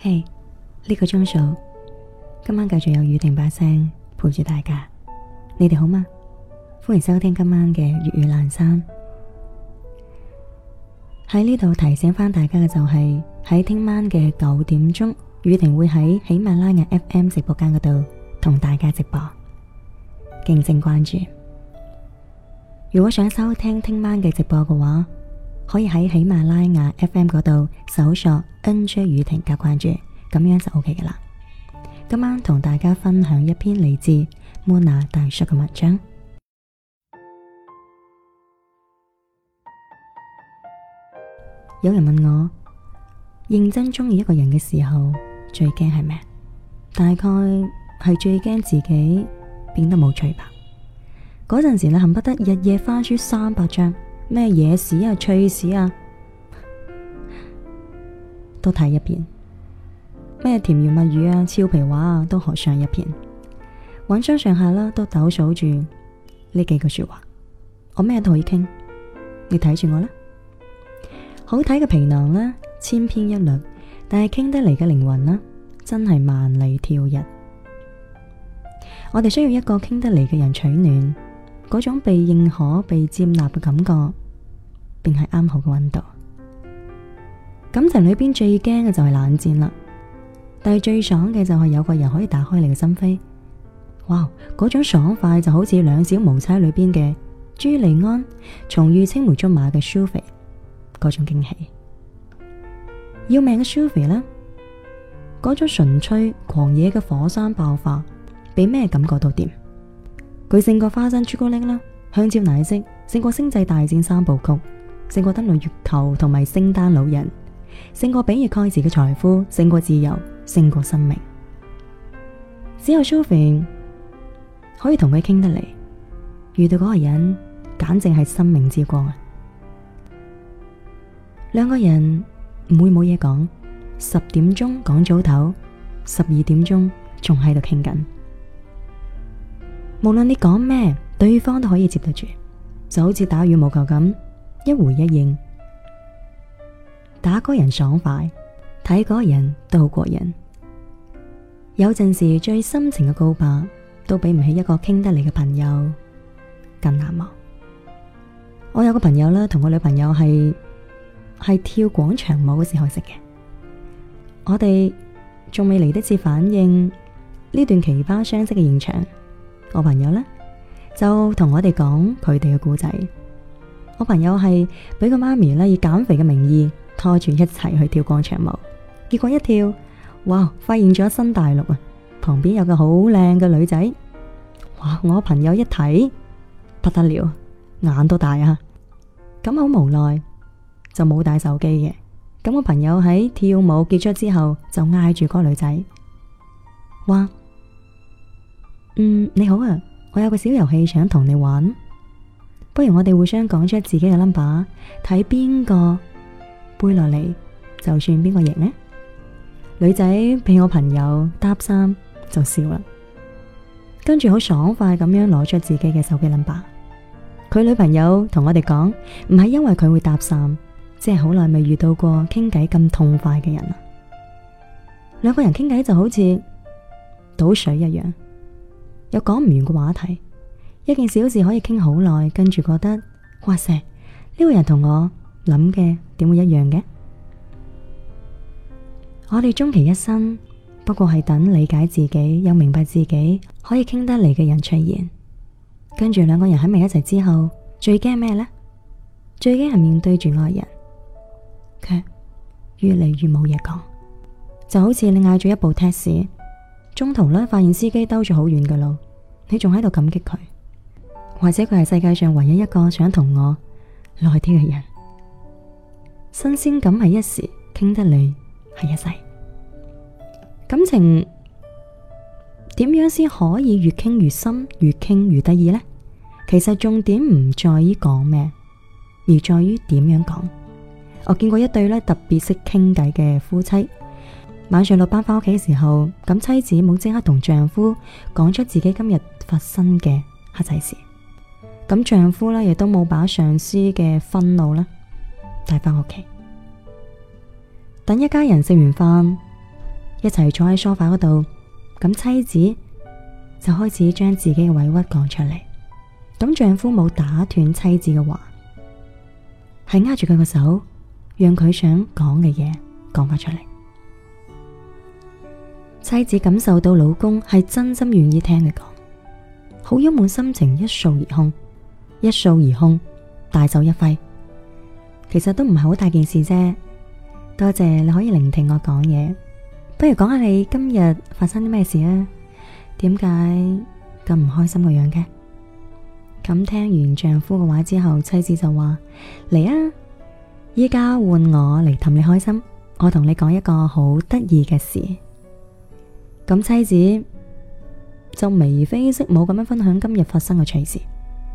嘿，呢、hey, 個鐘數，今晚繼續有宇婷把聲陪住大家。你哋好嗎？歡迎收聽今晚嘅粵語闌珊。喺呢度提醒返大家嘅就係喺聽晚嘅九點鐘，宇婷會喺喜馬拉雅 FM 直播間嗰度同大家直播，敬請關注。如果想收聽聽晚嘅直播嘅話，可以喺喜馬拉雅 FM 嗰度搜索 NJ 宇婷加關注，咁樣就 OK 嘅啦。今晚同大家分享一篇來自 Mona 大叔嘅文章。有人問我，認真中意一個人嘅時候，最驚係咩？大概係最驚自己變得冇趣吧。嗰陣時，你恨不得日夜翻書三百章。咩野史啊、趣史啊，都睇一遍；咩甜言蜜語啊、俏皮話啊，都學上一遍。渾身上下啦，都抖擻住呢幾句說話。我咩都可以傾，你睇住我啦。好睇嘅皮囊啦，千篇一律；但係傾得嚟嘅靈魂啦，真係萬里挑一。我哋需要一個傾得嚟嘅人取暖。嗰種被認可、被接納嘅感覺，便係啱好嘅溫度。感情裏邊最驚嘅就係冷戰啦，但係最爽嘅就係有個人可以打開你嘅心扉。哇，嗰種爽快就好似兩小無猜裏邊嘅朱利安，重遇青梅竹馬嘅 s 蘇菲，嗰種驚喜。要命嘅 s 蘇菲啦，嗰種純粹狂野嘅火山爆發，俾咩感覺都掂？佢勝過花生朱古力啦，香蕉奶昔勝過星際大戰三部曲，勝過登陸月球同埋聖誕老人，勝過比爾蓋茨嘅財富，勝過自由，勝過生命。只有蘇菲可以同佢傾得嚟，遇到嗰個人簡直係生命之光啊！兩個人唔會冇嘢講，十點鐘講早唞，十二點鐘仲喺度傾緊。無論你講咩，對方都可以接得住，就好似打羽毛球咁，一回一應，打嗰人爽快，睇嗰人都好過癮。有陣時最深情嘅告白，都比唔起一個傾得嚟嘅朋友更難忘。我有個朋友啦，同我女朋友係係跳廣場舞嘅時候識嘅，我哋仲未嚟得切反應呢段奇葩相識嘅現場。我朋友咧就同我哋講佢哋嘅故仔，我朋友係俾個媽咪咧以減肥嘅名義拖住一齊去跳廣場舞，結果一跳，哇，發現咗新大陸啊！旁邊有個好靚嘅女仔，哇！我朋友一睇不得了，眼都大啊！咁好無奈就冇帶手機嘅，咁我朋友喺跳舞結束之後就嗌住個女仔，話。嗯，你好啊，我有個小遊戲想同你玩，不如我哋互相講出自己嘅 number，睇邊個背落嚟，就算邊個贏咧。女仔俾我朋友搭訕就笑啦，跟住好爽快咁樣攞出自己嘅手機 number。佢女朋友同我哋講，唔係因為佢會搭訕，即係好耐未遇到過傾偈咁痛快嘅人啦。兩個人傾偈就好似倒水一樣。有講唔完個話題，一件小事可以傾好耐，跟住覺得哇塞，呢個人同我諗嘅點會一樣嘅？我哋終其一生，不過係等理解自己，又明白自己可以傾得嚟嘅人出現，跟住兩個人喺埋一齊之後，最驚咩呢？最驚係面對住愛人，卻、okay，越嚟越冇嘢講，就好似你嗌咗一部的士中途呢，發現司機兜咗好遠嘅路，你仲喺度感激佢，或者佢係世界上唯一一個想同我耐啲嘅人。新鮮感係一時，傾得嚟係一世。感情點樣先可以越傾越深，越傾越得意呢？其實重點唔在於講咩，而在於點樣講。我見過一對咧特別識傾偈嘅夫妻。晚上落班翻屋企嘅時候，咁妻子冇即刻同丈夫講出自己今日發生嘅黑仔事，咁丈夫呢，亦都冇把上司嘅憤怒咧帶翻屋企。等一家人食完飯，一齊坐喺梳化嗰度，咁妻子就開始將自己嘅委屈講出嚟，咁丈夫冇打斷妻子嘅話，係握住佢個手，讓佢想講嘅嘢講翻出嚟。妻子感受到老公係真心願意聽佢講，好鬱悶心情一掃而空，一掃而空大手一揮，其實都唔係好大件事啫。多謝你可以聆聽我講嘢，不如講下你今日發生啲咩事啊？點解咁唔開心個樣嘅？咁聽完丈夫嘅話之後，妻子就話嚟啊，依家換我嚟氹你開心，我同你講一個好得意嘅事。咁妻子就眉飛色舞咁樣分享今日發生嘅趣事，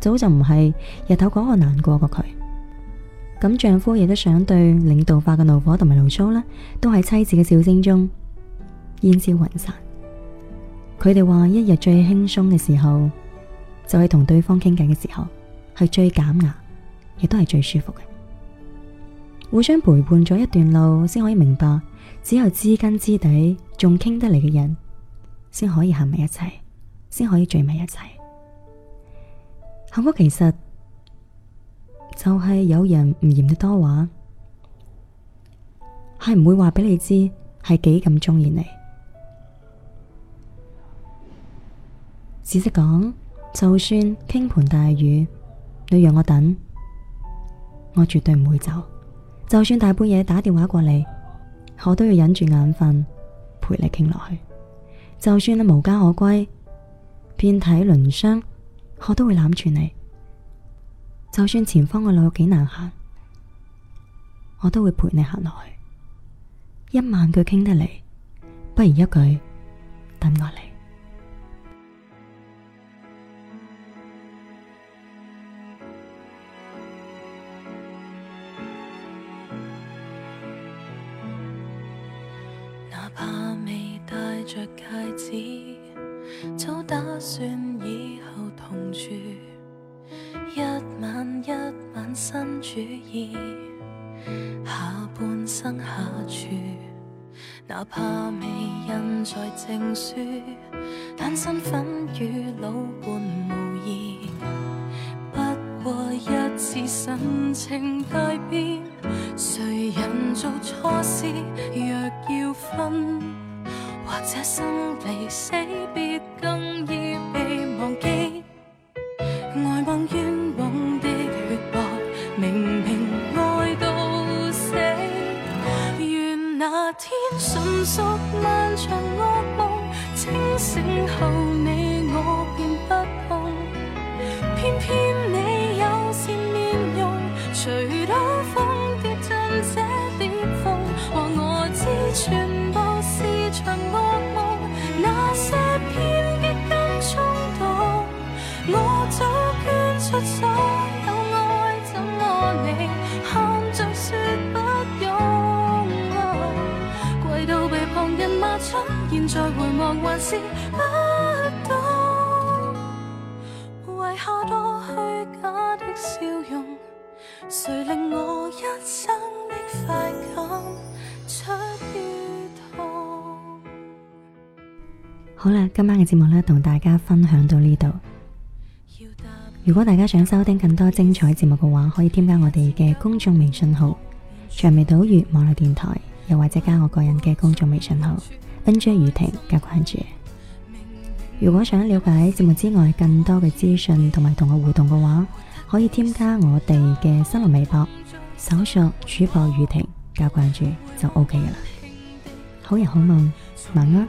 早就唔係日頭嗰個難過過佢。咁丈夫亦都想對領導化嘅怒火同埋牢騷呢，都喺妻子嘅笑聲中煙消雲散。佢哋話，一日最輕鬆嘅時候就係同對方傾偈嘅時候，係最減壓，亦都係最舒服嘅。互相陪伴咗一段路，先可以明白。只有知根知底，仲傾得嚟嘅人，先可以行埋一齊，先可以聚埋一齊。幸福其實就係有人唔嫌得多話，係唔會話俾你知係幾咁中意你。只識講，就算傾盆大雨，你讓我等，我絕對唔會走。就算大半夜打電話過嚟。我都要忍住眼瞓，陪你傾落去。就算你無家可歸，遍體鱗傷，我都會攬住你。就算前方嘅路有幾難行，我都會陪你行落去。一萬句傾得嚟，不如一句等我嚟。怕未帶著戒指，早打算以後同住，一晚一晚新主意，下半生下廚。哪怕未印在證書，但身份與老伴無異，不過一次神情大變。誰人做錯事，若要分，或者生離死別更。全部是場噩夢，那些偏激跟衝動，我早捐出所有愛，怎麼你看着説不用，啊？跪到被旁人罵蠢，現在回望還是。好啦，今晚嘅節目咧同大家分享到呢度。如果大家想收聽更多精彩節目嘅話，可以添加我哋嘅公眾微信號《長尾島嶼網絡電台》，又或者加我個人嘅公眾微信號 NJ 宇婷加關注。如果想了解節目之外更多嘅資訊同埋同我互動嘅話，可以添加我哋嘅新浪微博，搜索主播宇婷加關注就 OK 啦。好人好夢，晚安。